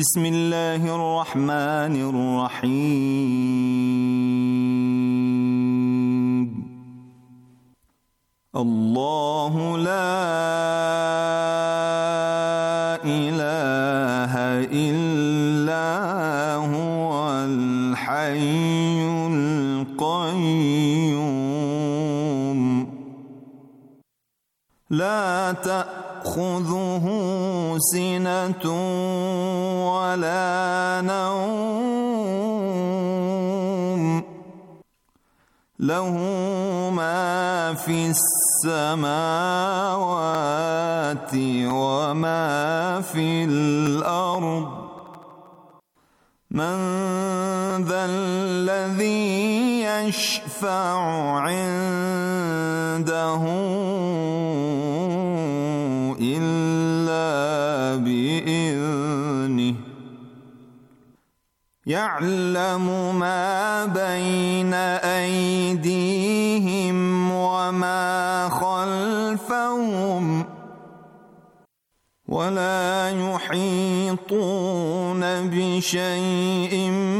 بسم الله الرحمن الرحيم الله يشفع عنده إلا بإذنه يعلم ما بين أيديهم وما خلفهم ولا يحيطون بشيء من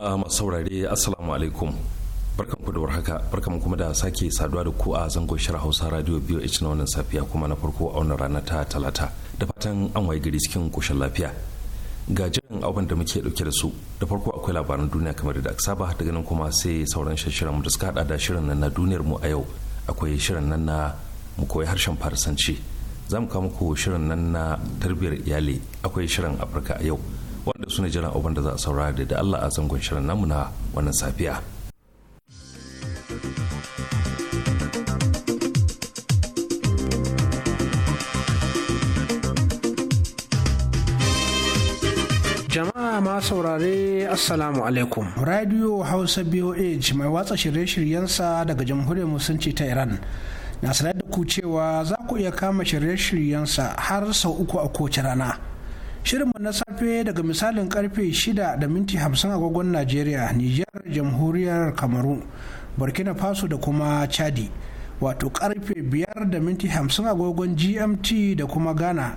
jama'a masu saurare assalamu alaikum barkan ku da warhaka barkan kuma da sake saduwa da ku a zango shirin hausa radio biyu na wannan safiya kuma na farko a wannan rana ta talata da fatan an waye gari cikin koshin lafiya ga jiran abin da muke dauke da su da farko akwai labaran duniya kamar da aka saba daga nan kuma sai sauran shirin mu da suka hada da shirin nan na duniyar mu a yau akwai shirin nan na mu koyi harshen farisanci za mu kawo muku shirin nan na tarbiyyar iyali akwai shirin afirka a yau su ne jiran abin da za a saurara da da Allah a zangon shirin namu na wannan safiya. Jama'a ma saurare Assalamu alaikum. Radio Hausa BOH mai watsa shirye-shiryensa daga Jamhuriyar Musulunci ta Iran. Na sanar da ku cewa za ku iya kama shirye-shiryensa har sau uku a kowace rana. Shirinmu na safe daga misalin karfe 6 da minti 50 agogon Najeriya, Nijar, Jamhuriyar Kamaru, Burkina Faso da kuma Chadi. Wato karfe 5 da minti 50 agogon GMT da kuma Ghana.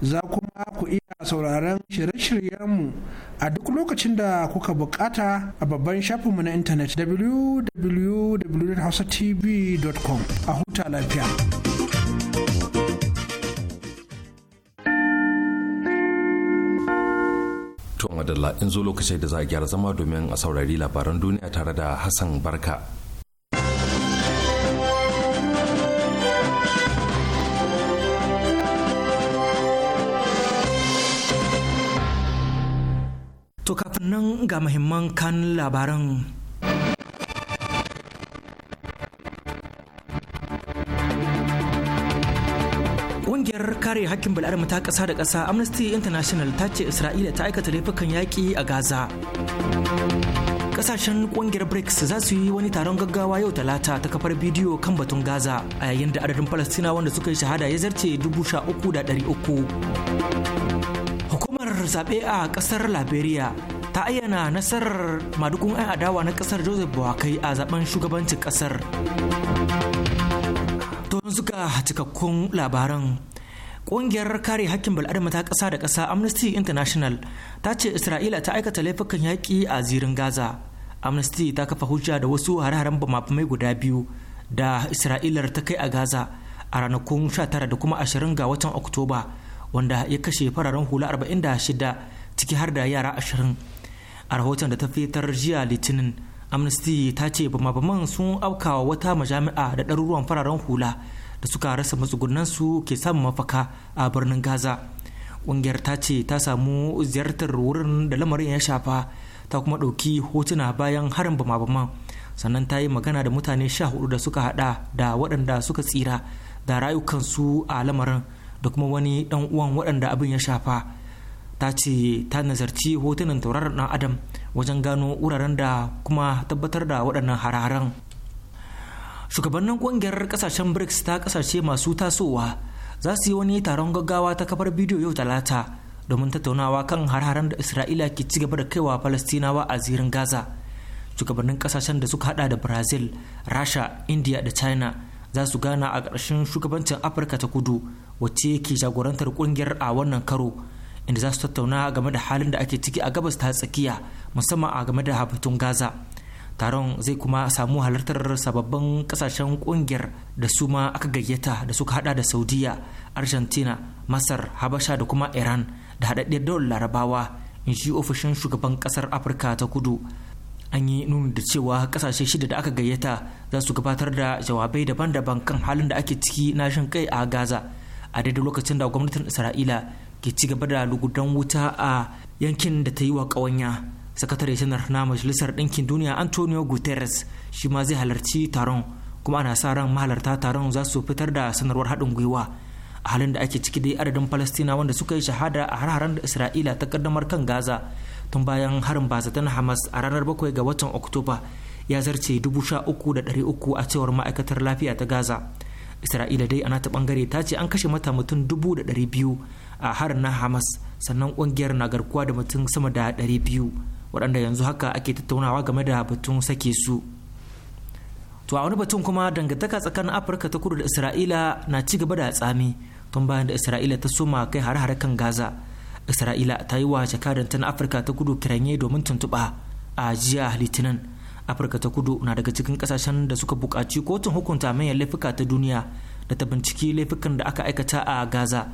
za kuma ku iya sauraron shirye-shiryenmu a duk lokacin da kuka bukata a babban shafinmu na intanet www.hausatv.com a huta lafiya. tun adalla in zo lokacin da za a gyara zama domin a saurari labaran duniya tare da Hassan Barka. To kafin nan ga muhimman kan labaran. Ƙungiyar kare hakkin bil'adama ta ƙasa da ƙasa Amnesty International ta ce Isra'ila ta aikata laifukan yaƙi a Gaza. Ƙasashen ƙungiyar BRICS za su yi wani taron gaggawa yau talata ta kafar bidiyo kan batun Gaza a yayin da adadin Falastinawa wanda suka yi shahada ya zarce dubu sha uku da ɗari uku. zaɓe a ƙasar liberia ta ayyana nasarar madukun 'yan adawa na ƙasar joseph buwakai a zaben shugabancin ƙasar yanzu suka cikakkun labaran ƙungiyar kare hakkin bal'adama ta ƙasa da ƙasa amnesty international ta ce isra'ila ta aikata laifukan yaƙi a zirin gaza amnesty ta kafa hujja da wasu hare-haren bamafamai guda biyu da isra'ilar ta kai a gaza a ranakun 19 da kuma 20 ga watan oktoba wanda ya kashe fararen hula 46 ciki har da yara 20 a rahoton da ta fitar jiya litinin amnesty ta ce bamabaman sun aukawa wata majami'a da ɗaruruwan fararen hula da suka rasa matsugunansu ke samun mafaka a birnin gaza ƙungiyar ta ce ta samu ziyartar wurin da lamarin ya shafa ta kuma ɗauki hotuna bayan harin bamabaman sannan ta yi magana da mutane sha hudu da suka hada da waɗanda suka tsira da rayukansu a lamarin da kuma wani dan uwan waɗanda abin ya shafa ta ce ta nazarci hotunan tauraron dan adam wajen gano wuraren da kuma tabbatar da waɗannan hararen shugabannin ƙungiyar ƙasashen brics ta kasashe masu tasowa za su yi wani taron gaggawa ta kafar bidiyo yau talata domin tattaunawa kan har da isra'ila ke ci gaba da kaiwa falastinawa a zirin gaza shugabannin kasashen da suka hada da brazil rasha india da china za su gana a ƙarshen shugabancin afirka ta kudu wacce ke jagorantar kungiyar a wannan karo inda za su tattauna game da halin da ake ciki a gabas ta tsakiya musamman a game da batun gaza taron zai kuma samu halartar sababbin kasashen kungiyar da su ma aka gayyata da suka hada da saudiya argentina masar habasha da kuma iran da hadaddiyar daular larabawa in shi ofishin shugaban kasar afirka ta kudu an yi nuni da cewa kasashe shida da aka gayyata za su gabatar da jawabai daban-daban kan halin da ake ciki na shin kai a gaza a daidai lokacin da gwamnatin isra'ila ke ci gaba da lugudan wuta a yankin da ta yi wa ƙawanya sakatare janar na majalisar ɗinkin duniya antonio guterres shi ma zai halarci taron kuma ana sa ran mahalarta taron za su fitar da sanarwar haɗin gwiwa a halin da ake ciki dai adadin palestina wanda suka yi shahada a har-haren da isra'ila ta kaddamar kan gaza tun bayan harin bazatan hamas a ranar bakwai ga watan oktoba ya zarce dubu uku da uku a cewar ma'aikatar lafiya ta gaza isra'ila dai a nata bangare ta ce an kashe mata mutum dubu da ɗari biyu a harin na hamas sannan ƙungiyar na garkuwa da mutum sama da ɗari biyu waɗanda yanzu haka ake tattaunawa game da batun sake su to a wani batun kuma dangantaka tsakanin afirka ta kudu da isra'ila na ci gaba da tsami tun bayan da isra'ila ta soma kai har hare kan gaza isra'ila ta yi wa jakadanta na afirka ta kudu kiranye domin tuntuɓa a jiya litinin afirka ta kudu na daga cikin kasashen da suka buƙaci kotun hukunta manyan laifuka ta duniya da ta binciki laifukan da aka aikata a gaza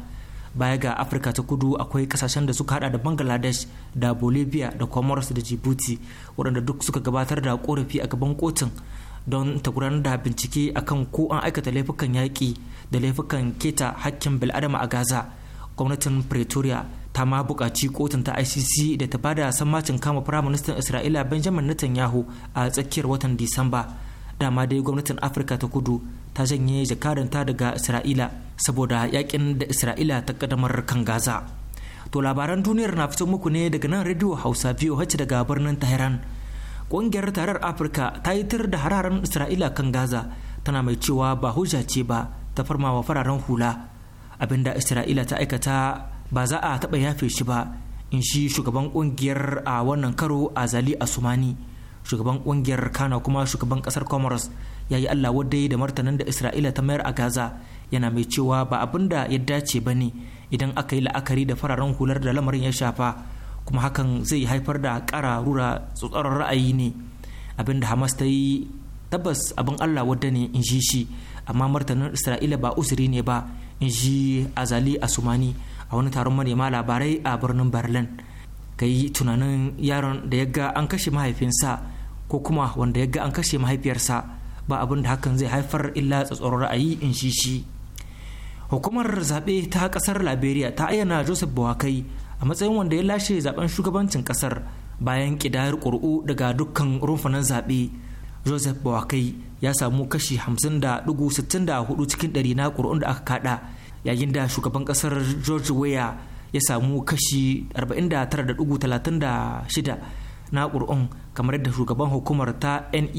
baya ga afirka ta kudu akwai kasashen da suka hada da bangladesh da bolivia da comoros da djibouti waɗanda duk suka gabatar da korafi a gaban kotun don ta gudanar da bincike akan ko an aikata laifukan yaƙi da laifukan keta hakkin bil'adama a gaza gwamnatin pretoria ta ma buƙaci kotun ta icc da ta bada sammacin kama firaministan isra'ila benjamin netanyahu a tsakiyar watan disamba dama dai gwamnatin afirka ta kudu ta janye jakaranta daga isra'ila saboda yakin da isra'ila ta kaddamar kan gaza to labaran duniyar na fito muku ne daga nan radio hausa voh daga birnin tehran ƙungiyar tarar afirka ta yi tir da hararen isra'ila kan gaza tana mai cewa ba hujja ce ba ta farmawa fararen hula abinda isra'ila ta aikata ba za a taɓa yafe shi ba in shi shugaban ƙungiyar a wannan karo azali asumani shugaban ƙungiyar kana kuma shugaban ƙasar comoros ya yi allah wadai da martanin da isra'ila ta mayar a gaza yana mai cewa ba abin da ya dace ba ne idan aka yi la'akari da fararen hular da lamarin ya shafa kuma hakan zai haifar da ƙara rura ra'ayi ne abin da hamas ta yi tabbas abin allah wadda ne in ji shi amma martanin isra'ila ba usuri ne ba in ji azali asumani a wani taron manema labarai a birnin berlin ka yi tunanin yaron da ya ga an kashe mahaifinsa ko kuma wanda ya ga an kashe mahaifiyarsa ba abin da hakan zai haifar illa tsatsoron ra'ayi in shi shi hukumar zaɓe ta ƙasar liberia ta ayyana joseph buwakai a matsayin wanda ya lashe zaben shugabancin ƙasar bayan ƙidayar ƙuri'u daga dukkan rumfunan zaɓe joseph buwakai ya samu kashi 50.64 cikin ɗari na ƙuri'un da aka kaɗa. yayin da shugaban kasar george weah ya samu kashi 49.36 na ƙuri'un kamar yadda shugaban hukumar ta nec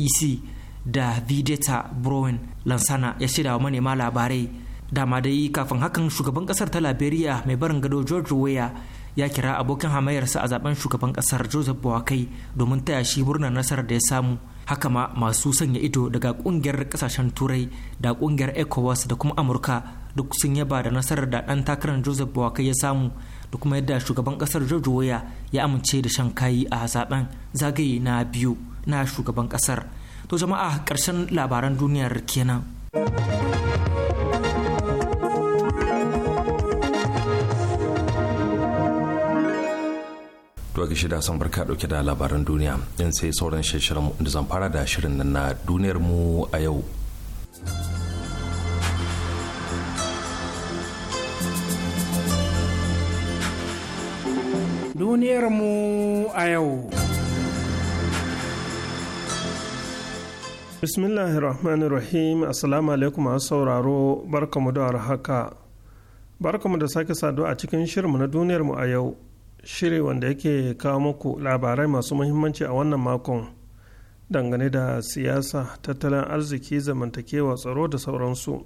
da videta brown lansana ya shida wa manema labarai dama dai kafin hakan shugaban kasar ta liberia mai barin gado george weah ya kira abokin hamayarsa a zaben shugaban kasar joseph boakai domin taya shi murnar nasarar da ya samu haka ma masu sanya ido daga kungiyar kasashen turai da kungiyar ecowas da kuma amurka duk sun yaba da nasarar da ɗan takarar joseph boakai ya samu da kuma yadda shugaban kasar george waya ya amince da shan kayi a zaben zagaye na biyu na shugaban kasar to jama'a karshen labaran duniyar kenan Tuwa ga da son barka dauke da labaran duniya in sai sauran shirin da zan fara da shirin na duniyar mu a yau duniyarmu a yau. bismillahir rahmanir rahim assalamu alaikum masu sauraro barkamu da haka barkamu da sake sadu a cikin shirinmu na duniyarmu a yau shiri wanda yake kawo muku labarai masu muhimmanci a wannan makon dangane da siyasa tattalin arziki zamantakewa tsaro da sauransu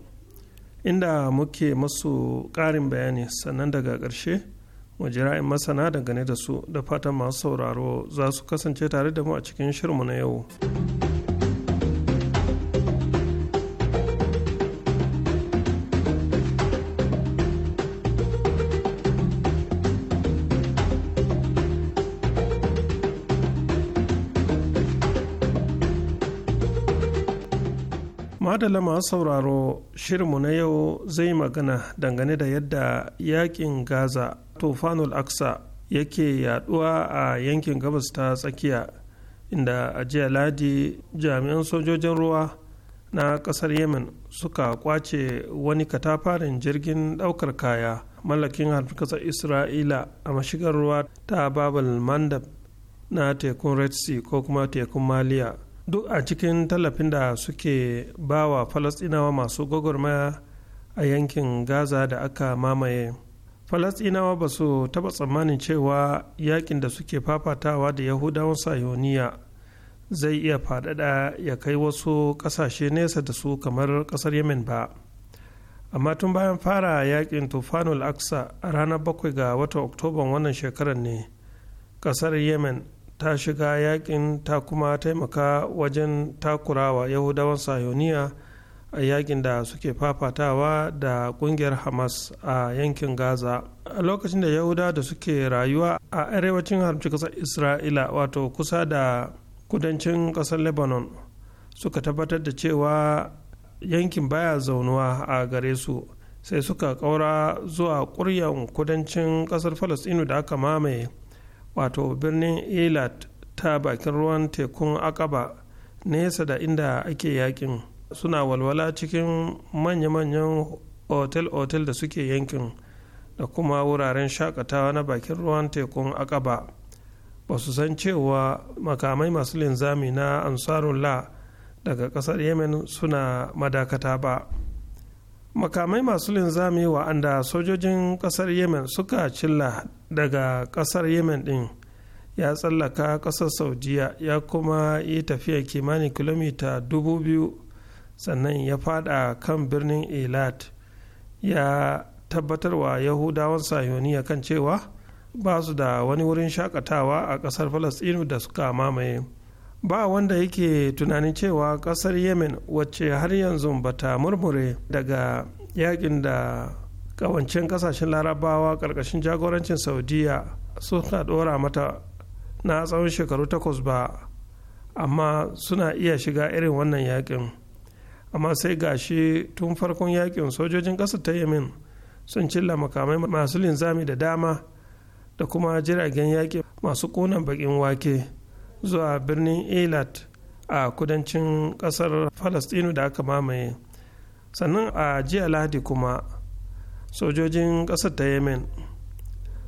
inda muke masu ƙarin bayani sannan daga ƙarshe mu ji masana dangane da su da fatan masu sauraro za su kasance tare da mu a cikin shirmu na yau. madala masu sauraro shirinmu na yau zai magana dangane da yadda yakin gaza tufanul aksa yake yaduwa a yankin gabas ta tsakiya inda a jiya ladi jami'an sojojin ruwa na kasar yemen suka kwace wani katafaren jirgin daukar kaya mallakin kasar isra'ila a mashigar ruwa ta babal mandab na tekun red sea ko kuma tekun maliya duk a cikin tallafin da suke bawa falasɗinawa masu gwagwarmaya a yankin gaza da aka mamaye falasɗinawa ba su taɓa tsammanin cewa yakin da suke fafatawa da yahudawan sayoniya zai iya faɗaɗa ya kai wasu ƙasashe nesa da su kamar ƙasar yemen ba amma tun bayan fara yakin tufanul aksa a ranar 7 ga watan oktoban wannan shekarar ne ƙasar yemen ta shiga yakin ta kuma taimaka wajen takurawa yahudawan sayoniya a yakin da suke fafatawa da kungiyar hamas a yankin gaza a lokacin da yahuda da suke rayuwa a arewacin haramci kasar isra'ila wato kusa da kudancin kasar lebanon suka tabbatar da cewa yankin baya zaunuwa a gare su sai suka kaura zuwa kuryan kudancin kasar falastinu da aka mamaye wato birnin elat ta bakin ruwan tekun akaba nesa da inda ake yakin suna walwala cikin manya-manyan otel-otel da suke yankin da kuma wuraren shakatawa na bakin ruwan tekun akaba ba su san cewa makamai masu linzami na ansarullah daga kasar yemen suna madakata ba makamai masu linzami wa'anda sojojin kasar yemen suka cilla daga kasar yemen din ya tsallaka kasar saudiya ya kuma yi tafiya kimanin kilomita dubu biyu sannan ya fada kan birnin elad ya tabbatar wa yahudawan sayoniya kan cewa ba su da wani wurin shakatawa a ƙasar falasɗinu da suka mamaye ba wanda yake tunanin cewa ƙasar yemen wacce har yanzu bata murmure daga yakin da ƙawancen ƙasashen larabawa ƙarƙashin jagorancin saudiya suka ɗora mata na tsawon shekaru takwas ba amma suna iya shiga irin wannan yakin amma sai gashi tun farkon yakin sojojin ƙasa ta yamin sun cilla makamai masu linzami da dama da kuma jiragen yaƙi masu ƙunan baƙin wake zuwa birnin eilat a kudancin ƙasar falastinu da aka mamaye sannan a jiya lahadi kuma sojojin ƙasa ta yamin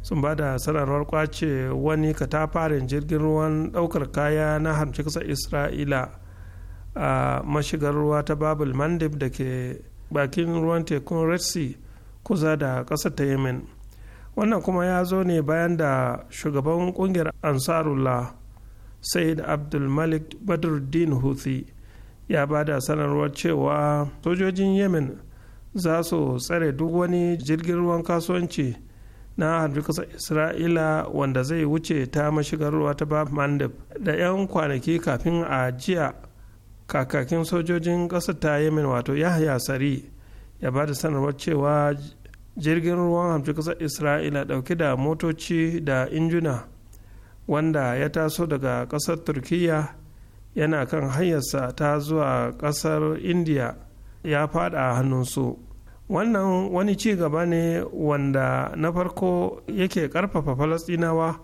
sun ba da sanarwar kwace wani katafaren jirgin ruwan ɗaukar kaya na harci ƙasar isra'ila a mashigar ruwa ta babul mandib da ke bakin ruwan tekun red sea kusa da ƙasar ta yemen wannan kuma ya zo ne bayan da shugaban kungiyar ansarullah said malik badruddin houthi ya ba da sanarwar cewa sojojin yemen za su tsare duk wani jirgin ruwan kasuwanci na harbin isra'ila wanda zai wuce ta mashigar ruwa ta bab mandib. da 'yan kwanaki kafin a jiya kakakin sojojin ƙasar ta yemen wato yahya sari ya ba da sanarwar cewa jirgin ruwan hamshi ƙasar isra'ila ɗauke da motoci da injuna wanda ya taso daga ƙasar turkiyya yana kan hanyarsa ta zuwa ƙasar indiya ya fada a hannunsu wannan wani ci gaba ne wanda na farko yake ƙarfafa falasɗinawa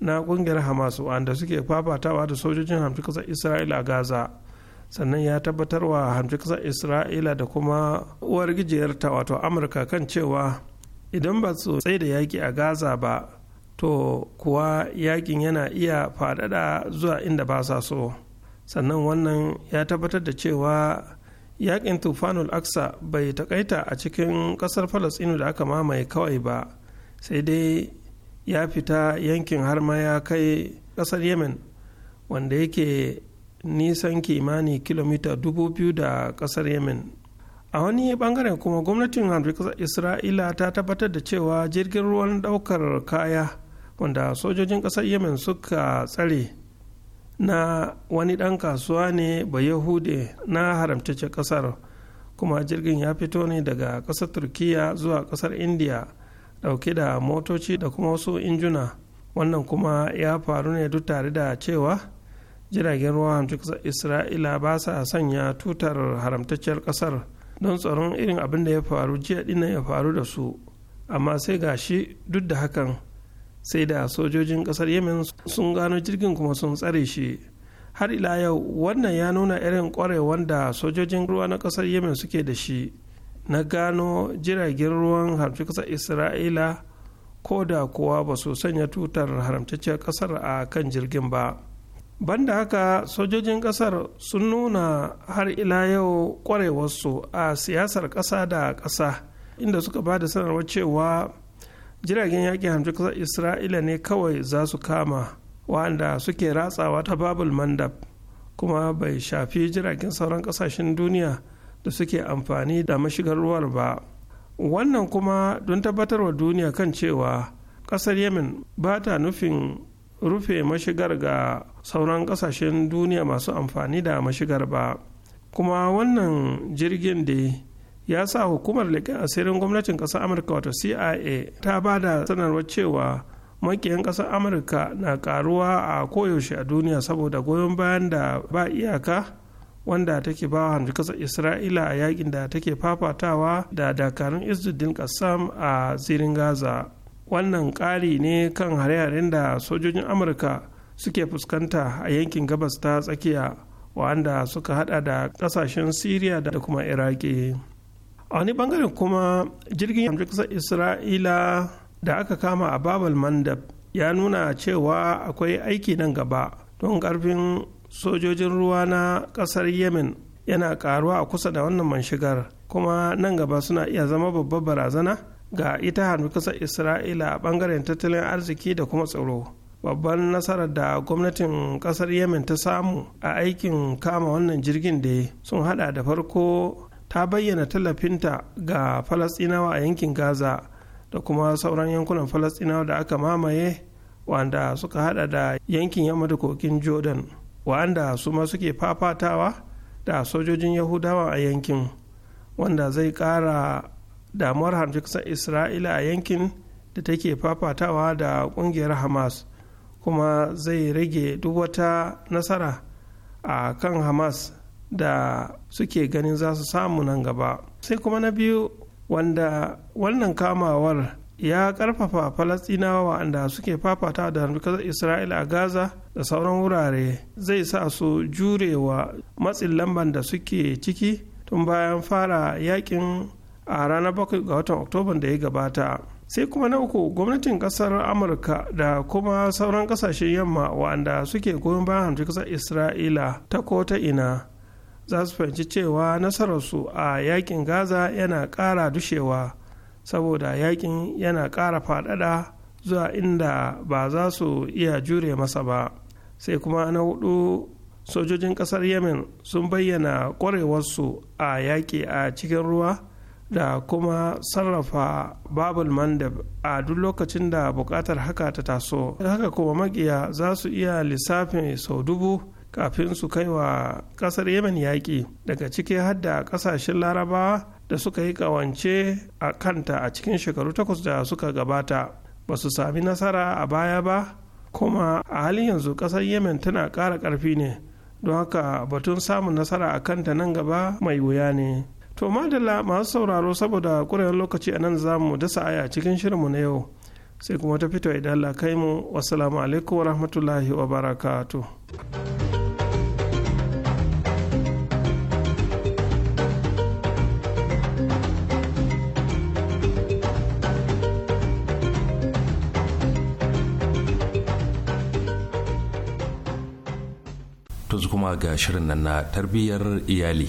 na ƙungiyar hamas wanda suke fafatawa da sojojin hamshi ƙasar isra'ila a gaza sannan ya tabbatar wa hamshi kasar isra'ila da kuma uwar gijiyarta wato amurka kan cewa idan ba su tsaye da yaƙi a gaza ba to kuwa yaƙin yana iya faɗaɗa zuwa inda ba sa so sannan wannan ya tabbatar da cewa yaƙin tufanul aksa bai taƙaita a cikin ƙasar falasinu da aka mamaye kawai ba sai dai ya fita yankin har ma ya kai ƙasar yemen wanda yake nisan kimani kilomita dubu biyu da kasar yemen a wani bangaren kuma gwamnatin kasar isra'ila ta tabbatar da cewa jirgin ruwan daukar kaya wanda sojojin kasar yemen suka tsare na wani dan kasuwa ne bayahude na haramtacce kasar kuma jirgin ya fito ne daga kasar turkiya zuwa kasar india dauke da motoci da kuma wasu injuna wannan kuma ya faru ne duk tare da cewa jiragen ruwa hamsin kasar isra'ila ba sa sanya tutar haramtacciyar kasar don tsaron irin abin da ya faru jiya dinnan ya faru da su amma sai gashi duk da hakan sai da sojojin kasar yemen sun gano jirgin kuma sun tsare shi har ila yau wannan ya nuna irin kwarewan da sojojin ruwa na kasar yemen suke da shi na gano jiragen ruwan harfi kasar isra'ila ko da kuwa ba su sanya tutar haramtacciyar kasar a kan jirgin ba banda haka sojojin kasar sun nuna har ila yau kwarewarsu a siyasar kasa da kasa inda suka ba da sanarwar cewa jiragen yakin hamsin kasar isra'ila ne kawai za su kama wanda suke ratsawa ta babul mandab kuma bai shafi jiragen sauran kasashen duniya da suke amfani da mashigar ruwar ba wannan kuma don tabbatarwa duniya kan cewa kasar yemen ba ta nufin rufe mashigar ga sauran kasashen duniya masu amfani da mashigar ba kuma wannan jirgin da ya sa hukumar leƙen asirin gwamnatin ƙasar amurka wato cia ta ba da sanarwar cewa makiyan ƙasar amurka na karuwa a koyaushe a duniya saboda goyon bayan da ba iyaka wanda take ba hamji ƙasar isra'ila a yakin da take fafatawa da dakarun izzuddin kassam a zirin gaza wannan ƙari ne kan hare-haren da sojojin amurka suke fuskanta a yankin gabas ta tsakiya wanda suka hada da kasashen syria da kuma iraki a wani bangaren kuma jirgin amurkasar isra'ila da aka kama a babal mandab ya nuna cewa akwai aiki nan gaba don karfin sojojin ruwa na kasar yemen yana karuwa a kusa da wannan manshigar kuma nan gaba suna iya zama babbar barazana ga ita hannu ƙasar isra'ila a bangaren tattalin arziki da kuma tsaro babban nasarar da gwamnatin kasar yemen ta samu a aikin kama wannan jirgin da sun hada da farko ta bayyana tallafinta ga falasinawa a yankin gaza da kuma sauran yankunan falastinawa da aka mamaye wanda suka hada da yankin yamma da kokin jordan wanda su ma suke fafatawa da sojojin yahudawa a yankin wanda zai kara damuwar harbi kasar isra'ila a yankin da take fafatawa da kungiyar hamas kuma zai rage duk wata nasara a kan hamas da suke ganin za su samu nan gaba sai kuma na biyu wanda wannan kamawar ya karfafa falastinawa wanda suke fafata da kasar isra'ila a gaza da sauran wurare zai sa su jurewa matsin lamban da suke ciki tun bayan fara yakin a ranar 7 ga watan oktoban da ya gabata sai kuma na uku gwamnatin kasar amurka da kuma sauran kasashen yamma wanda suke goyon bayan hamshi kasar isra'ila ta ko ta ina za su fahimci cewa nasararsu a yakin gaza yana ƙara dushewa saboda yakin yana ƙara faɗaɗa zuwa inda ba za su iya jure masa ba sai kuma na hudu sojojin ƙasar yemen sun bayyana ƙwarewarsu a yaƙi a cikin ruwa da kuma sarrafa babul mandab a duk lokacin da buƙatar haka ta taso haka kuma makiya za su iya lissafin sau dubu kafin su kai wa ƙasar yemen yaƙi daga ciki har da ƙasashen larabawa da suka yi ƙawance a kanta a cikin shekaru takwas da suka gabata ba su sami nasara a baya ba kuma a halin yanzu ƙasar yemen tana ƙara ƙarfi ne don haka batun samun nasara a kanta nan gaba mai wuya ne to madalla masu sauraro saboda ƙurewar lokaci a nan za mu dasa aya cikin shirinmu na yau sai kuma ta fito idan Allah kai mu wasalamu alaikum wa rahmatullahi wa barakatu. kuma ga shirin nan na tarbiyyar iyali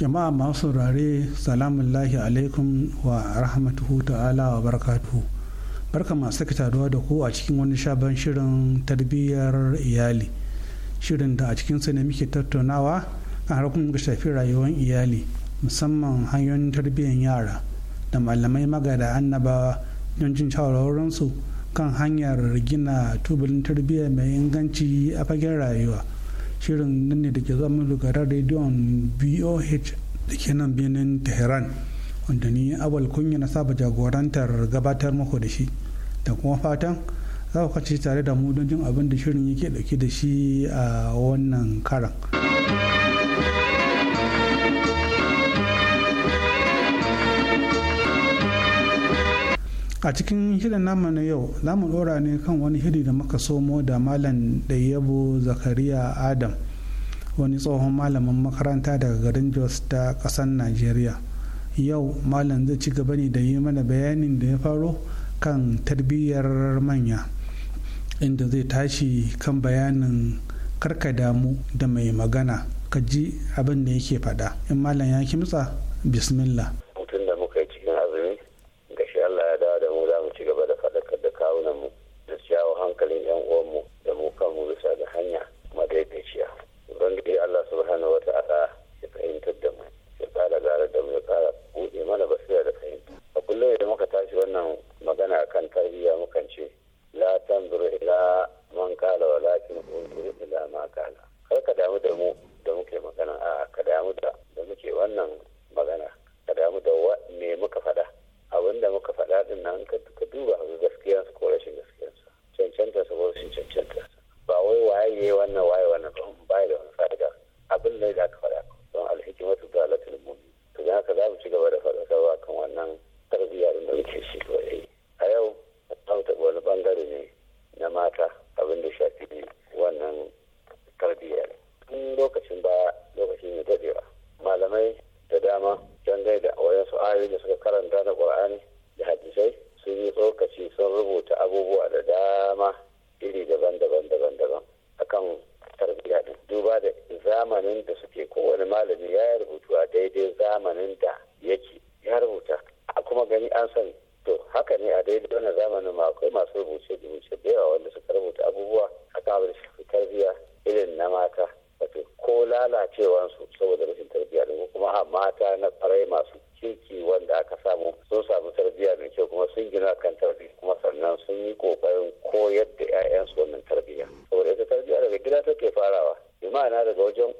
jama'a masu saurare salamun lahi alaikum wa rahmatuhu ta'ala wa barakatuhu barka masu taruwa da ku a cikin wani shaban shirin tarbiyyar iyali shirin da a cikin su ne muke tattaunawa kan harkun ga shafi rayuwar iyali musamman hanyoyin tarbiyyar yara da malamai magada annabawa don jin shawarwarinsu kan hanyar gina tubulin tarbiyya mai inganci a fagen rayuwa shirin nan ne da ke zama radio rediyon boh da ke nan birnin tehran wanda ni awal kunya na saba jagorantar gabatar muku da shi da kuma fatan za ku kace tare da mu don jin abin da shirin yake dauke da shi a wannan karan. a cikin shirin namu na yau za mu dora ne kan wani shiri da muka somo da malam ɗayyabo zakariya adam wani tsohon malamin makaranta daga garin jos ta ƙasar najeriya yau malam zai ci gaba ne da yi mana bayanin da ya faro kan tarbiyyar manya inda zai tashi kan bayanin karka damu da mai magana ka ji abin da yake faɗa in malam ya kimtsa bismillah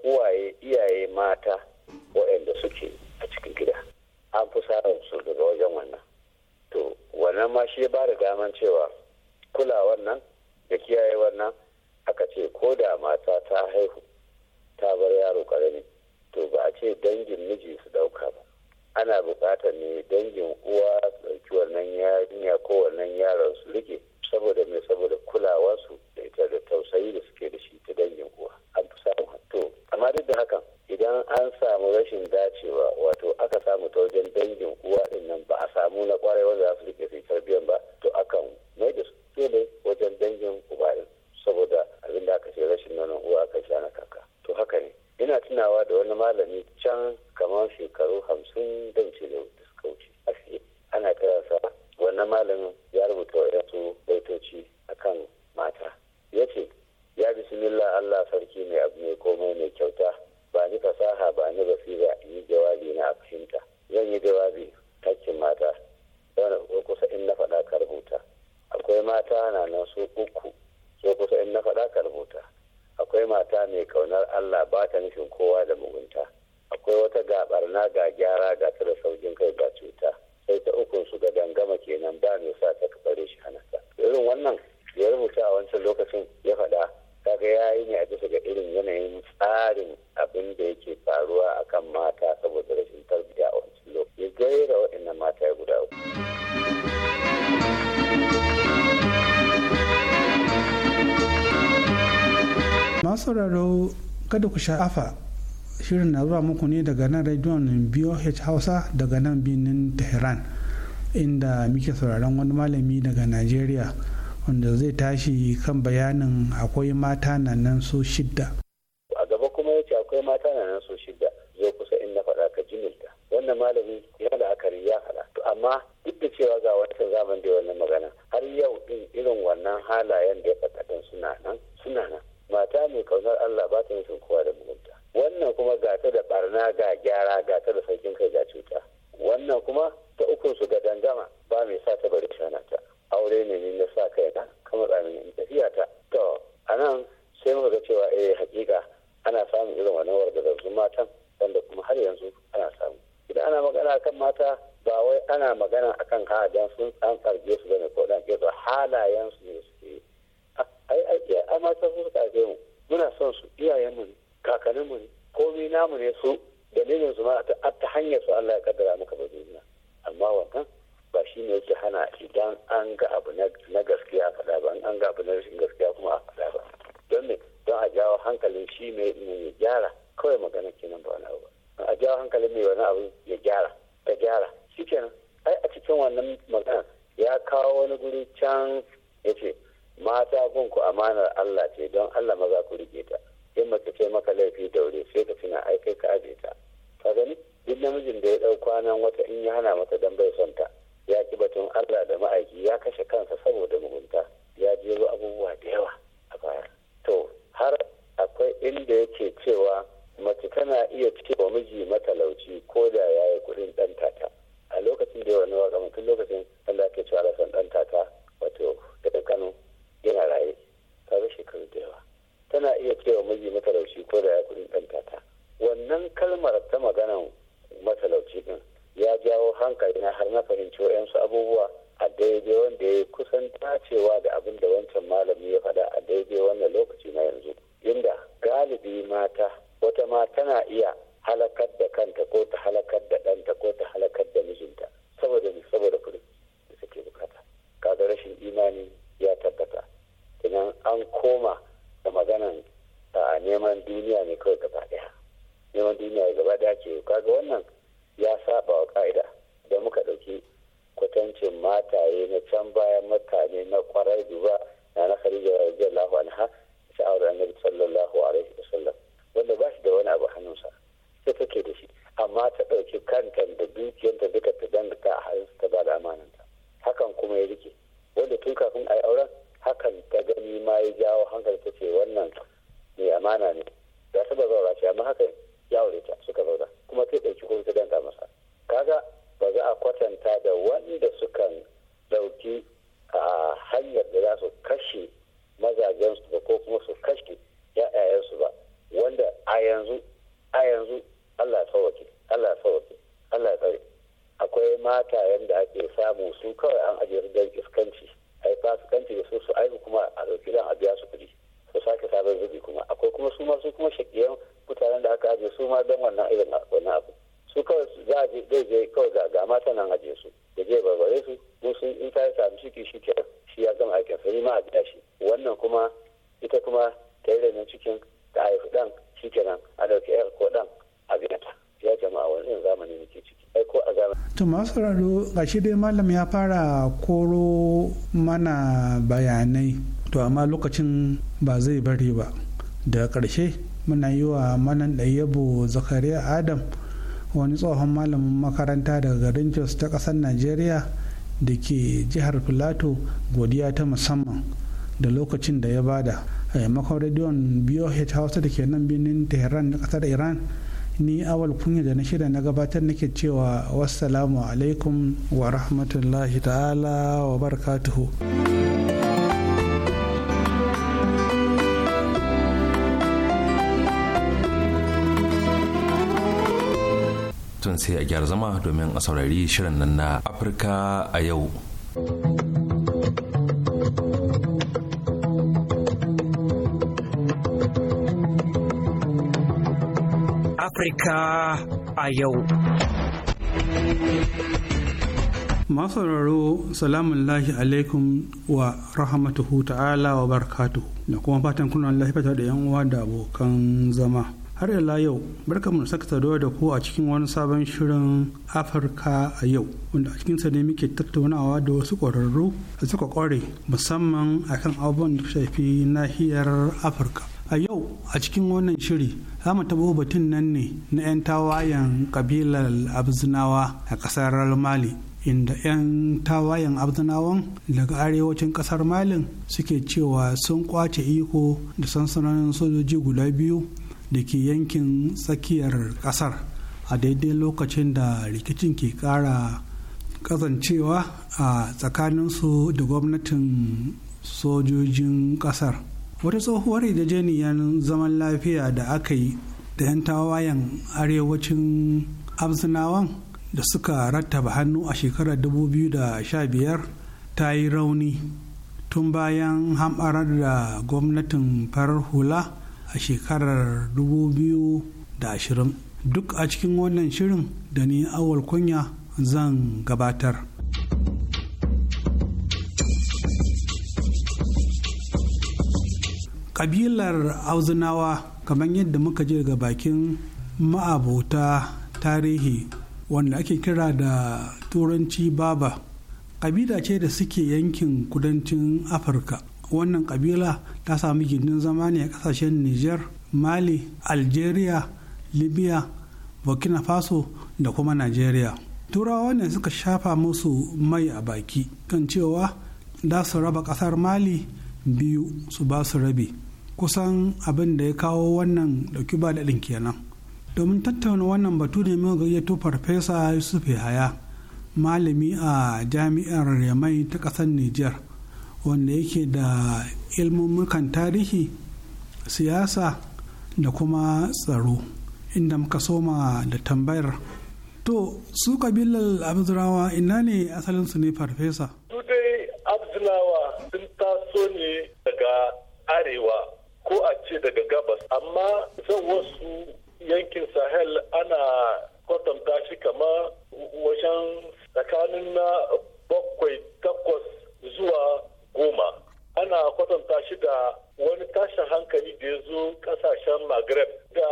uwaye iyaye mata waɗanda suke a cikin gida an fi su daga wajen wannan to wannan ma shi ba da daman cewa kula wannan da kiyaye wannan aka ce ko da mata ta haihu ta bar yaro ƙarami to ba a ce dangin miji su ɗauka ba ana buƙatar ne dangin uwa su ɗauki wannan yarinya ko wannan yaron su rike saboda mai saboda kulawa su da ita da tausayi da suke da shi ta dangin uwa an fi samun to amma duk da hakan idan an samu rashin dacewa wato aka samu ta wajen dangin uwa din nan ba a samu na kwarai wanda za su rike su tarbiyyar ba to akan mai da su wajen dangin uba din saboda abin da aka ce rashin nanan uwa aka sha na kaka to haka ne ina tunawa da wani malami can kamar shekaru hamsin da wuce da suka wuce a ana kiransa wannan malamin ya rubuta wa su baitoci akan mata ya ce ya bismillah allah sarki mai abu mai komai mai kyauta ba ni fasaha ba ni basira in yi jawabi na a fahimta zan yi jawabi hakkin mata ko kusa in na faɗa ka rubuta akwai mata na nan su uku so kusa in na faɗa ka rubuta akwai mata mai kaunar allah ba ta nufin kowa da mugunta akwai wata ga barna ga gyara ga ta da saukin kai ga cuta sai ta ukun su ga dangama kenan ba mai sa ta kabare shi hana irin wannan ya rubuta a wancan lokacin ya faɗa kaga ya yi ne a bisa ga irin yanayin tsarin abin da yake faruwa akan mata saboda rashin tarbiyya a wancan lokacin ya gaira waɗannan mata ya guda uku. masu sauraro kada ku sha'afa shirin na zuwa muku ne daga nan rediyon h Hausa daga nan birnin Tehran inda muke sauraron wani malami daga Najeriya. wanda zai tashi kan bayanin akwai mata na nan so shidda a gaba kuma yace akwai mata na nan so shidda zo kusa in na faɗa ka jimilta wannan malami ya la'akari ya faɗa to amma duk da cewa ga wata zaman da wannan magana har yau din irin wannan halayen da ya faɗa din suna nan suna nan mata mai kaunar Allah ba ta nufin kowa da mugunta wannan kuma ga ta da barna ga gyara gata da sarkin kai ga cuta wannan kuma ta ukun su ga dangama ba mai sa ta bari shana aure ne ne na sa kai ka matsa mini in tafiya ta to anan sai muka ga cewa eh hakika ana samun irin wannan wargazazzun matan wanda kuma har yanzu ana samu idan ana magana kan mata ba wai ana magana akan halayen sun san tsarge su bane ko dan kezo halayen su ne su ke ai ai ai mata sun ka ake mu muna son su iyayen mu kakannin mu komai namu ne su dalilin su ma ta hanyar su Allah ya kaddara muka ba duniya amma wannan ba shi ne yake hana idan an ga abu na gaskiya faɗa ba an ga abu na rashin gaskiya kuma a faɗa ba don me don a jawo hankalin shi ne ya gyara kawai magana kenan ba wani abu ba a jawo hankalin mai wani abu ya gyara ta gyara shi kenan ai a cikin wannan magana ya kawo wani guri can ya ce mata gun ku amanar Allah ce don Allah maza ku rike ta in mace ce maka laifi daure sai ka tuna ai kai ka ajiye ta ka gani duk namijin da ya dau kwanan wata in ya hana mata dan bai son ta ya ki batun Allah da ma'aiki ya kashe kansa saboda mugunta ya jero abubuwa da yawa a baya to har akwai inda yake cewa mace tana iya wa miji matalauci ko da ya yi kuɗin ɗan tata a lokacin da wani waka mutum lokacin Allah ke cewa alasan ɗan tata wato daga Kano yana raye tare shekaru da yawa tana iya wa miji matalauci ko da ya yi kuɗin ɗan tata wannan kalmar ta maganan matalauci din ya jawo hankali na har na fahimci wayansu abubuwa a daidai wanda ya kusan dacewa da abin da wancan malami ya faɗa a daidai wannan lokaci na yanzu inda galibi mata wata ma tana iya halakar da kanta ko ta halakar da ɗanta ko ta halakar da mijinta saboda ne saboda kuɗi da suke bukata kaga rashin imani ya tabbata idan an koma da maganan a neman duniya ne kawai gaba ɗaya neman duniya gaba ɗaya ke kaga wannan ya saba wa ka'ida da muka ɗauki kwatancin mataye na can bayan mutane na kwarai duba na na khadija radiyallahu anha sha'awar annabi sallallahu alaihi wasallam wanda ba shi da wani abu hannunsa sai take da shi amma ta ɗauki kanta da dukiyanta duka ta danda a hannunsa ta ba da amananta hakan kuma ya rike wanda tun kafin a yi auren hakan ta gani ma ya jawo hankali ta ce wannan mai amana ne ya ta ba zaura ce amma hakan ya aure ta suka zauna kuma sai ɗauki kuma ta danta masa kaga ba za a kwatanta da wanda sukan ɗauki a hanyar da za su kashe mazajensu ba ko kuma su kashe ya'yayensu ba wanda a yanzu a yanzu Allah ya sauwake Allah ya sauwake Allah ya tsare akwai mata yadda ake samu su kawai an ajiye su don iskanci ai fasikanci da su su aihu kuma a ɗauki don a biya su kuɗi su sake sabon zubi kuma akwai kuma su ma su kuma shakiyan mutanen da aka aje su ma don wannan irin wani abu su kawai za a je zai je kawai ga ga mata nan aje su da je barbare su ko sun in ta samu ciki shi ke shi ya gama aikin sai ma a biya shi wannan kuma ita kuma ta yi rainin cikin ta haifi ɗan shi ke nan a dauki yar ko dan a biya ta ya jama'a wannan zamani ne ke ciki ai ko a zamani. to masu sauraro gashi dai malam ya fara koro mana bayanai to amma lokacin ba zai bari ba da karshe. muna yi wa manan ɗayyabo zakariya adam wani tsohon malamin makaranta daga garin jos ta ƙasar najeriya da ke jihar filato godiya ta musamman da lokacin da ya bada a rediyon boh hausa da ke nan birnin tehran na kasar iran ni awal kunya da na shirya na gabatar nake cewa wassalamu alaikum wa rahmatullahi ta'ala wa barakatuhu. sai a gyara zama domin a saurari shirin nan na afirka a yau afirka a yau masauraro salamun lahi alaikum wa rahmatuhu ta'ala wa barakatuhu da kuma fatan kuna lafiya da yan uwa da abokan zama har yalla yau barkamu saka saduwa da ku a cikin wani sabon shirin afirka a yau wanda a cikinsa ne muke tattaunawa da wasu ƙwararru da suka ƙware musamman akan abubuwan da shafi nahiyar afirka a yau a cikin wannan shiri za mu taɓo batun nan ne na 'yan tawayen kabilar abzinawa a ƙasar mali inda 'yan tawayen abzinawan daga arewacin ƙasar malin suke cewa sun kwace iko da sansanonin sojoji guda biyu da ke yankin tsakiyar kasar a daidai lokacin da rikicin ke kara kasancewa a tsakaninsu da gwamnatin sojojin kasar wata tsohuwar yarjejeniyar zaman lafiya da aka yi da 'yan tawayen arewacin absinawan da suka rattaba hannu a shekarar 2015 ta yi rauni tun bayan hamɓarar da gwamnatin farar hula a shekarar 2020 duk a cikin wannan shirin da ni awal kunya zan gabatar kabilar auzunawa kamar yadda muka je daga bakin ma'abota tarihi wanda ake kira da turanci baba kabila ce da suke yankin kudancin afirka wannan kabila ta sami gindin zama ne a kasashen niger mali algeria libya burkina faso da kuma nigeria turawa ne suka shafa musu mai a baki kan cewa za su raba kasar mali biyu su ba su rabi kusan abin da ya kawo wannan dauki ba daɗin kenan domin tattauna wannan batu ne muka gayyato farfesa yusuf haya malami a jami'ar yamai ta ƙasar niger wanda yake da ilmummukan tarihi siyasa da kuma tsaro inda muka soma da tambayar to su kabilar abdurawa ina ne asalinsu ne farfesa su dai abdurawa sun taso ne daga arewa ko a ce daga gabas amma zan wasu yankin sahel ana kwatanta shi kama wajen tsakanin na bakwai takwas zuwa goma ana kwatanta shi da wani tashin hankali da ya zo kasashen maghreb da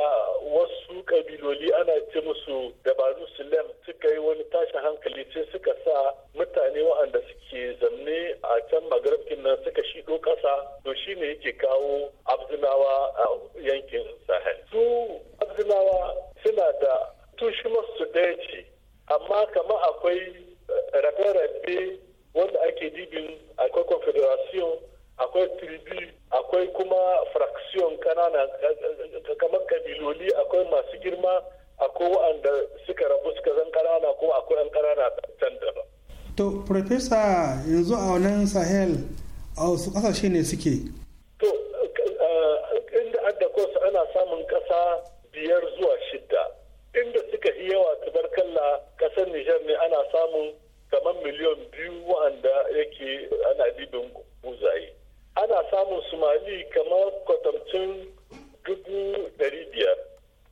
wasu kabiloli ana ce musu dabaru sulem suka yi wani tashin hankali sai suka sa mutane waɗanda suke zamne a can maghreb nan suka shiɗo ƙasa to ne yake kawo abzinawa a yankin sahel su abzinawa suna da tushe masu ɗaya ce amma kama akwai rabe-rabe wanda ake dibin akwai confederation akwai tribu akwai kuma fraction kanana kamar kabiloli akwai masu girma akwai wa'anda suka rabu suka zan kanana kuma akwai 'yan kanana can daba. to profesa yanzu a wannan sahel a wasu kasashe ne suke to eh, inda adda kosa ana samun kasa biyar zuwa shidda inda suka yi yawa tubarkalla ƙasar nijar ne ana samun kamar miliyan biyu wa'anda yake ana dibin buzaye ana samun sumali kamar kwatamcin dubu dari biyar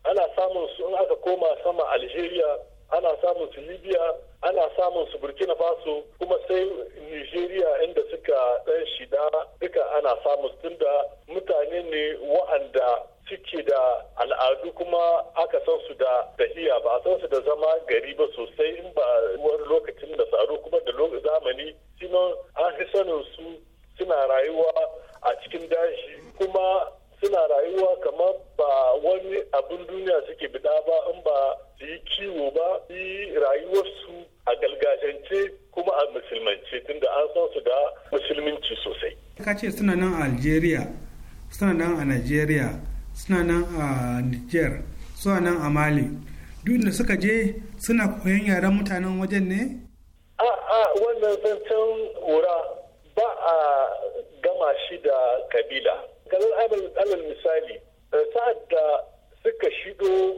ana samun su in aka koma sama algeria ana samun su libya ana samun su burkina faso kuma sai nigeria inda suka ɗan shida duka ana samun tunda mutane ne wa'anda suke da al'adu kuma aka san su da tahiya ba a san su da zama gari ba sosai in ba wani lokacin da tsaro kuma da zamani sinon an fi sanin su suna rayuwa a cikin daji kuma suna rayuwa kamar ba wani abin duniya suke bida ba in ba su yi kiwo ba yi rayuwarsu a galgajance kuma a musulmanci tunda an san su da musulminci sosai. ka ce suna nan a algeria suna nan a nigeria suna nan a niger suna nan a mali duk da suka je suna koyon yaren mutanen wajen ne a'a wannan zancen wura ba a gama shi da kabila kalar alal misali sa'ad da suka shigo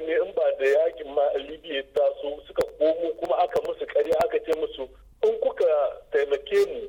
misali ne in ba da yakin ma libya ta so suka komo kuma aka musu karya aka ce musu in kuka taimake mu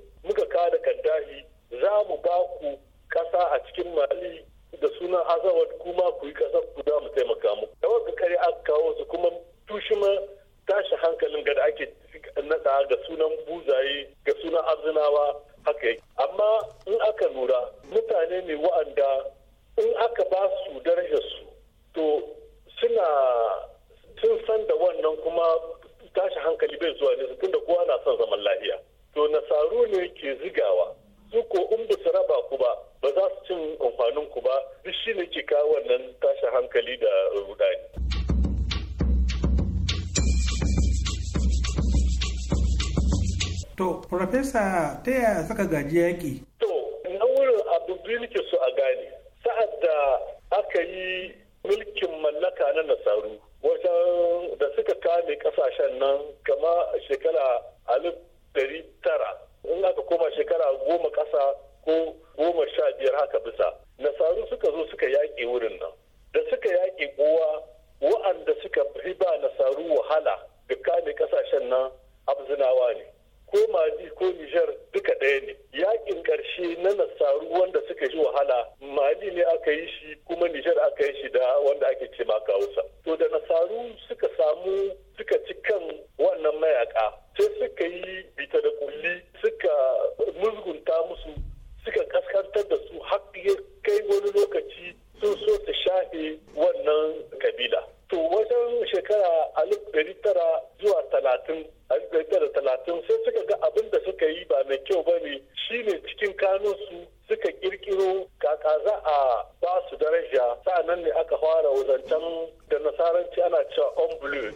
suka gaji yaƙi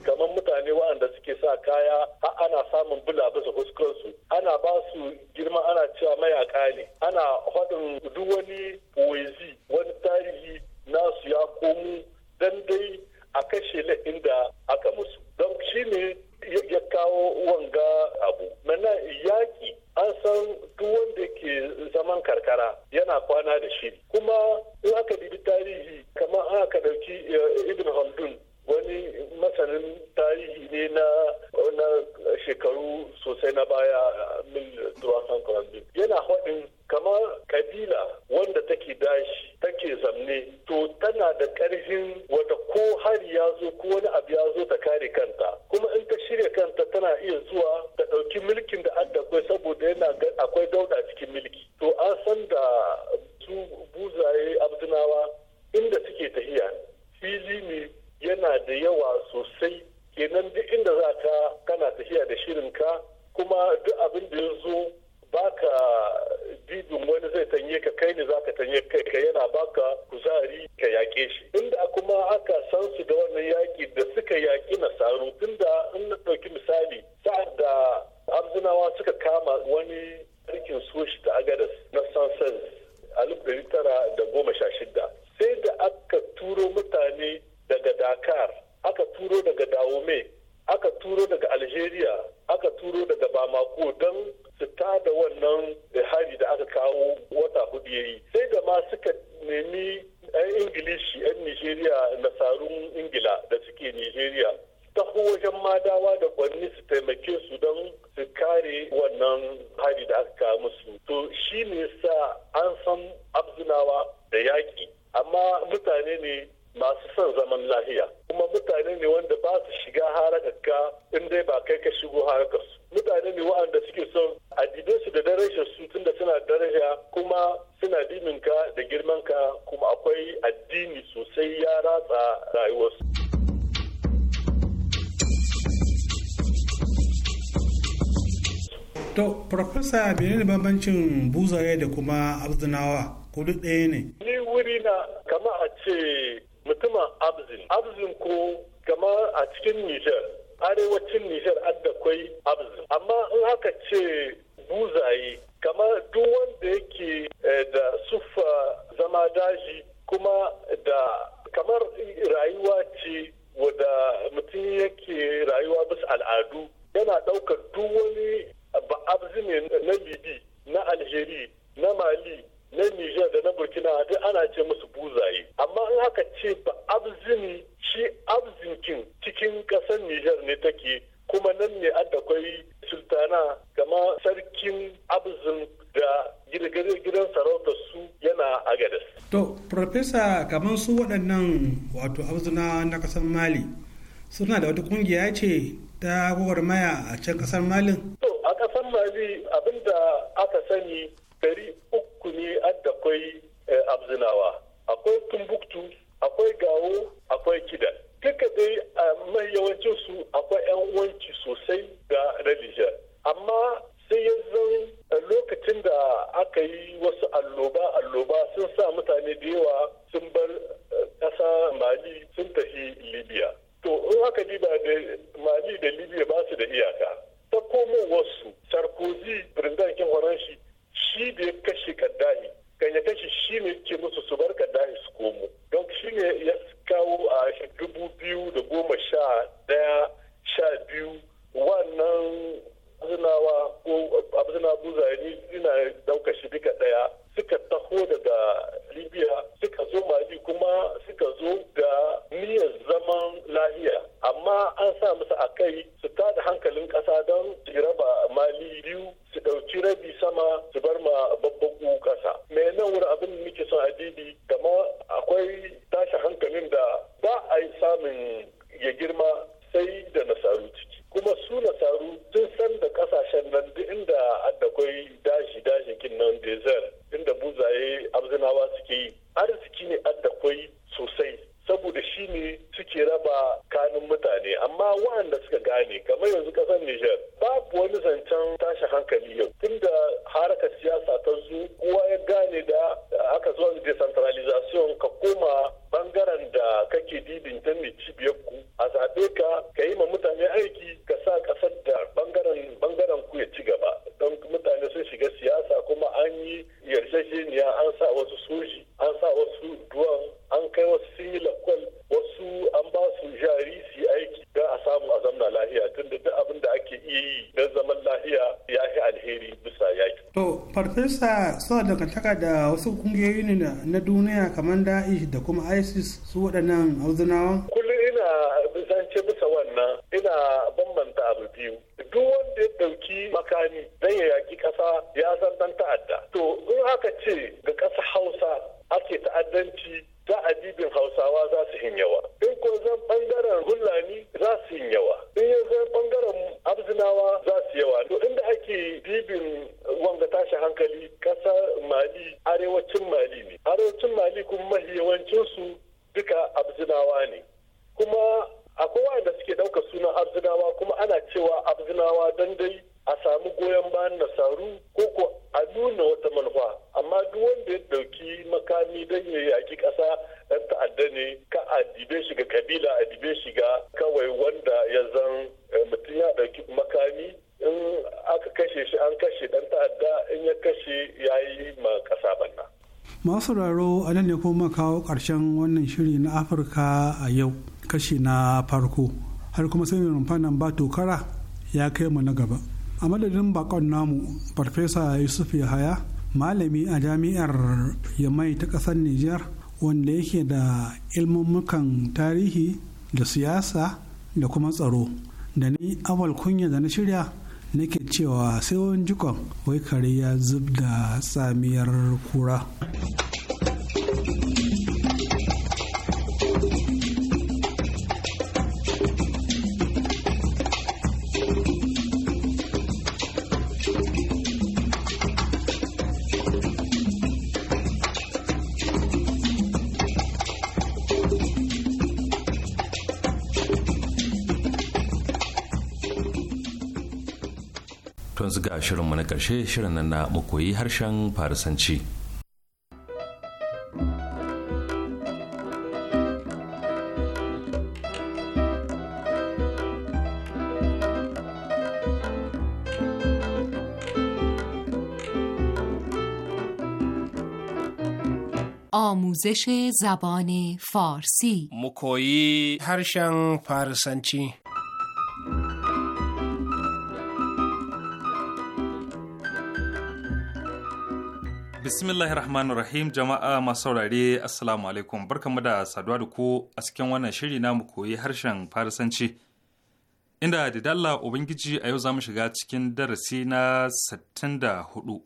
Come yake Nigeria ta wajen madawa da kwanni su taimake su don su kare wannan hari da aka musu. To shi ne sa menene bambancin buzare da kuma abzinawa ko duk ɗaya ne kamar su waɗannan wato abuzuna na ƙasar mali suna da wata ƙungiya ce ta maya a can ƙasar malin to a ƙasar mali abinda aka sani dari uku ne adda kwai eh, abzinawa akwai tumbuktu akwai gawo akwai kida duka dai a mai yawancin su akwai yan uwanci sosai da religion amma sai ya zan eh, lokacin da aka yi wasu alloba alloba sun sa mutane da yawa suna dangantaka da wasu kungiyoyi ne na duniya kamar da'ish da kuma isis su waɗannan hauzunawan sauraro a nan ne kuma kawo ƙarshen wannan shiri na afirka a yau kashi na farko har kuma sai rumfanan ba tokara ya kai mu na gaba a madadin bakon namu farfesa yusuf yahaya malami a jami'ar yamai ta ƙasar niger wanda yake da ilmummukan tarihi da siyasa da kuma tsaro da ni awal kunya da na shirya nake cewa sai wani jikon wai kare ya zub da tsamiyar kura. ƙarshe shirin nan na mu koyi harshen farisanci. آموزش زبان فارسی مکویی هرشن فارسنچی Bismillahir Rahmanir Rahim jama'a masu saurare Assalamu alaikum barkanmu da saduwa da ku a cikin wannan shiri na mu koyi harshen Farisanci. Inda da dalla Ubangiji a yau za mu shiga cikin darasi na 64.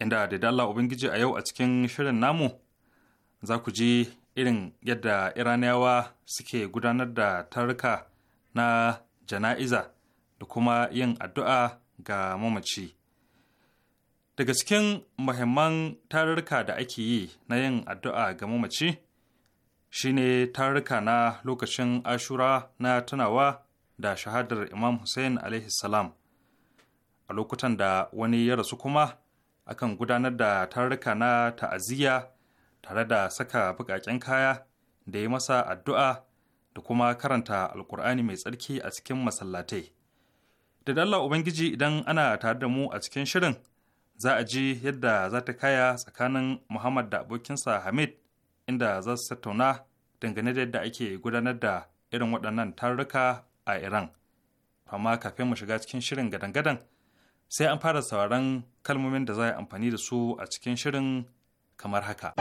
Inda da dalla Ubangiji a yau a cikin shirin namu za ku ji irin yadda Iraniyawa suke gudanar da taruka na jana'iza da kuma yin addu'a ga mamaci. Daga cikin muhimman tarurruka da ake yi na yin addu'a ga mamaci shine tarurruka na lokacin ashura na tunawa da shahadar Imam Hussein alaihi salam. A lokutan da wani ya rasu kuma akan gudanar da tarurruka na ta'aziyya tare da saka bukaken kaya da ya masa addu'a da kuma karanta alkur'ani mai tsarki a cikin masallatai. Da Allah Ubangiji idan ana tare da mu a cikin shirin za a ji yadda za ta kaya tsakanin Muhammad da abokinsa Hamid inda za su tattauna dangane da yadda ake gudanar da irin waɗannan tarurruka a Iran. Amma kafin mu shiga cikin shirin gadan-gadan sai an fara sauraron kalmomin da za a yi amfani da su a cikin shirin kamar haka.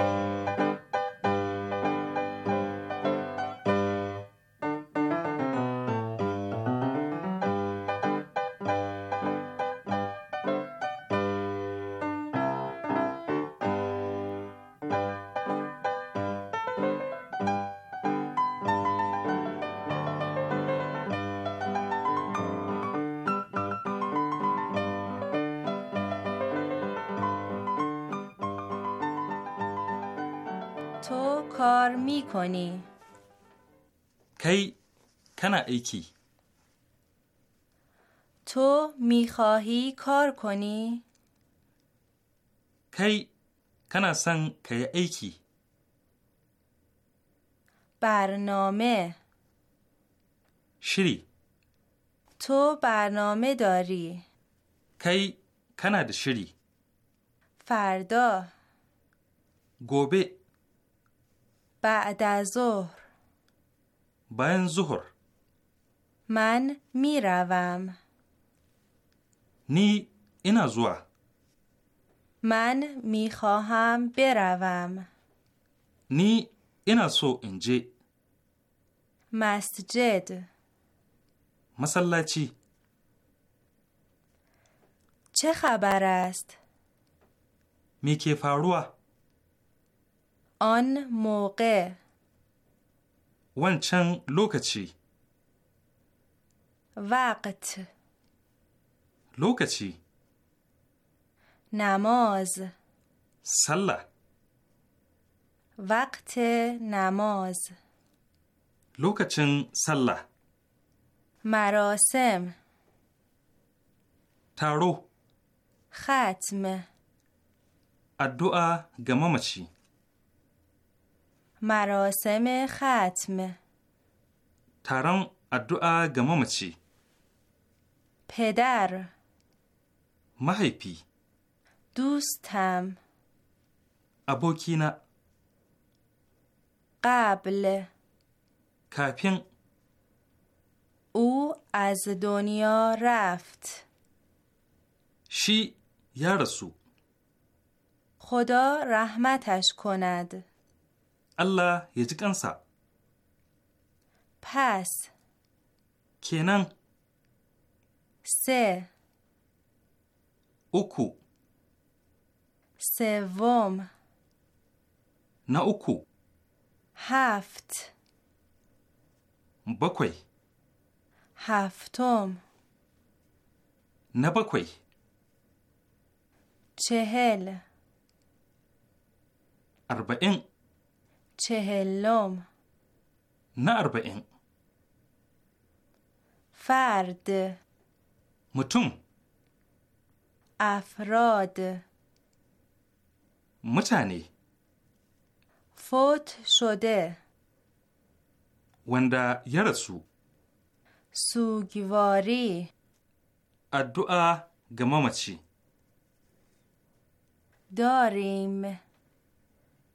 کار می کنی؟ کی کنا ایکی تو می خواهی کار کنی؟ کی کنا سن کی ایکی برنامه شری تو برنامه داری کی کنا شری فردا گوبه بعد از ظهر بعد ظهر من میروم نی اینا زوا من میخواهم بروم نی این سو انجی مسجد مسلاچی چه خبر است میکی فاروه آن موقع ونچن لوکچی وقت لوکچی نماز سله وقت نماز لوکچن سله مراسم تارو ختم الدعا گمامچی مراسم ختم تران ادعا گمامچی پدر محیپی دوستم ابوکینا قبل کپین او از دنیا رفت شی یا خدا رحمتش کند Allah ya ji kansa. Pass. Kenan. Se. Uku. Sevom. na uku haft bakwai haftom na bakwai chehel arba'in چهلم نه فرد متون افراد متانی فوت شده وندا یرسو سوگواری الدعا گمامچی داریم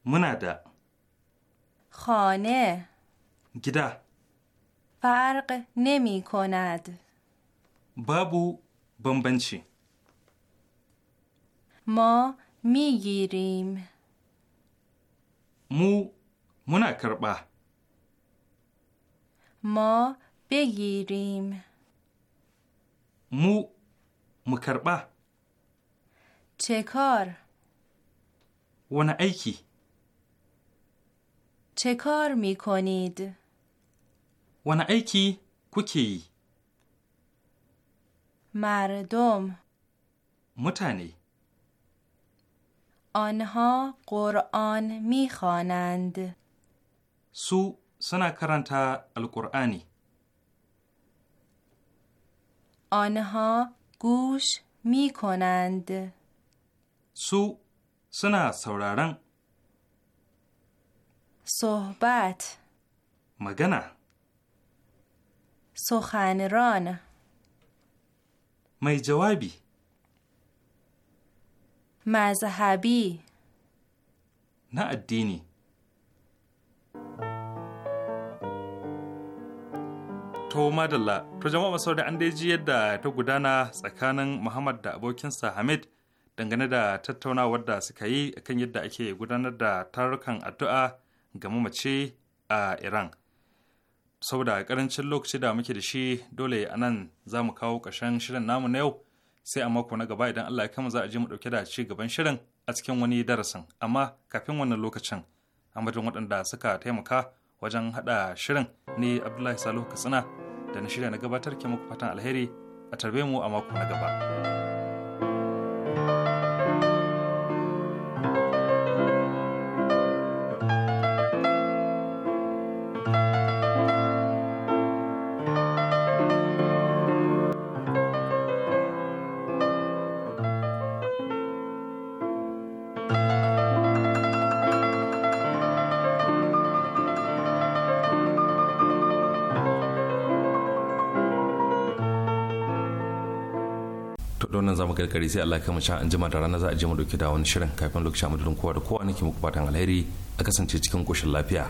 منادا خانه گده فرق نمی کند بابو بمبنچی ما میگیریم مو منا ما بگیریم مو مکربا چه کار؟ ونه ایکی چه کار می کنید؟ ون ایکی کوکی مردم متنی آنها قرآن می خوانند. سو سنا کرانتا القرآنی آنها گوش می کنند. سو سنا سورارن صحبت مگنا سخنران می جوابی مذهبی نه الدینی to madalla to jama'a sau da an yadda ta gudana tsakanin muhammad da abokinsa hamid dangane da tattaunawar da suka yi kan yadda ake gudanar da tarukan addu'a ga mamace a Iran. Saboda karancin lokaci da muke da shi dole a nan za mu kawo ƙarshen shirin namu na yau sai a mako na gaba idan Allah ya kama za a je mu ɗauke da ci gaban shirin a cikin wani darasin amma kafin wannan lokacin a madadin waɗanda suka taimaka wajen haɗa shirin ni Abdullahi Salihu Katsina da na shirya na gabatar ke muku fatan alheri a tarbe mu a mako na gaba. nan zamu karkare sai Allah kama sha an jima da rana za a je mu da wani shirin kafin lokacin don kowa da kowa nake muku fatan alheri a kasance cikin koshin lafiya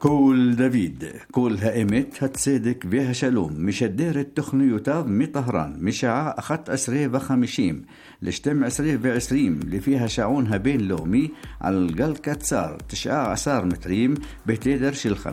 كول دافيد كول هائمت سيدك بيها شالوم مش الدير تخنيوتاف مي طهران مشاع أخت أسريه بخمشيم لشتم أسريه بعسريم اللي فيها شعونها بين لومي على القلقة كتسار تشعى عسار متريم بتدرش الخمس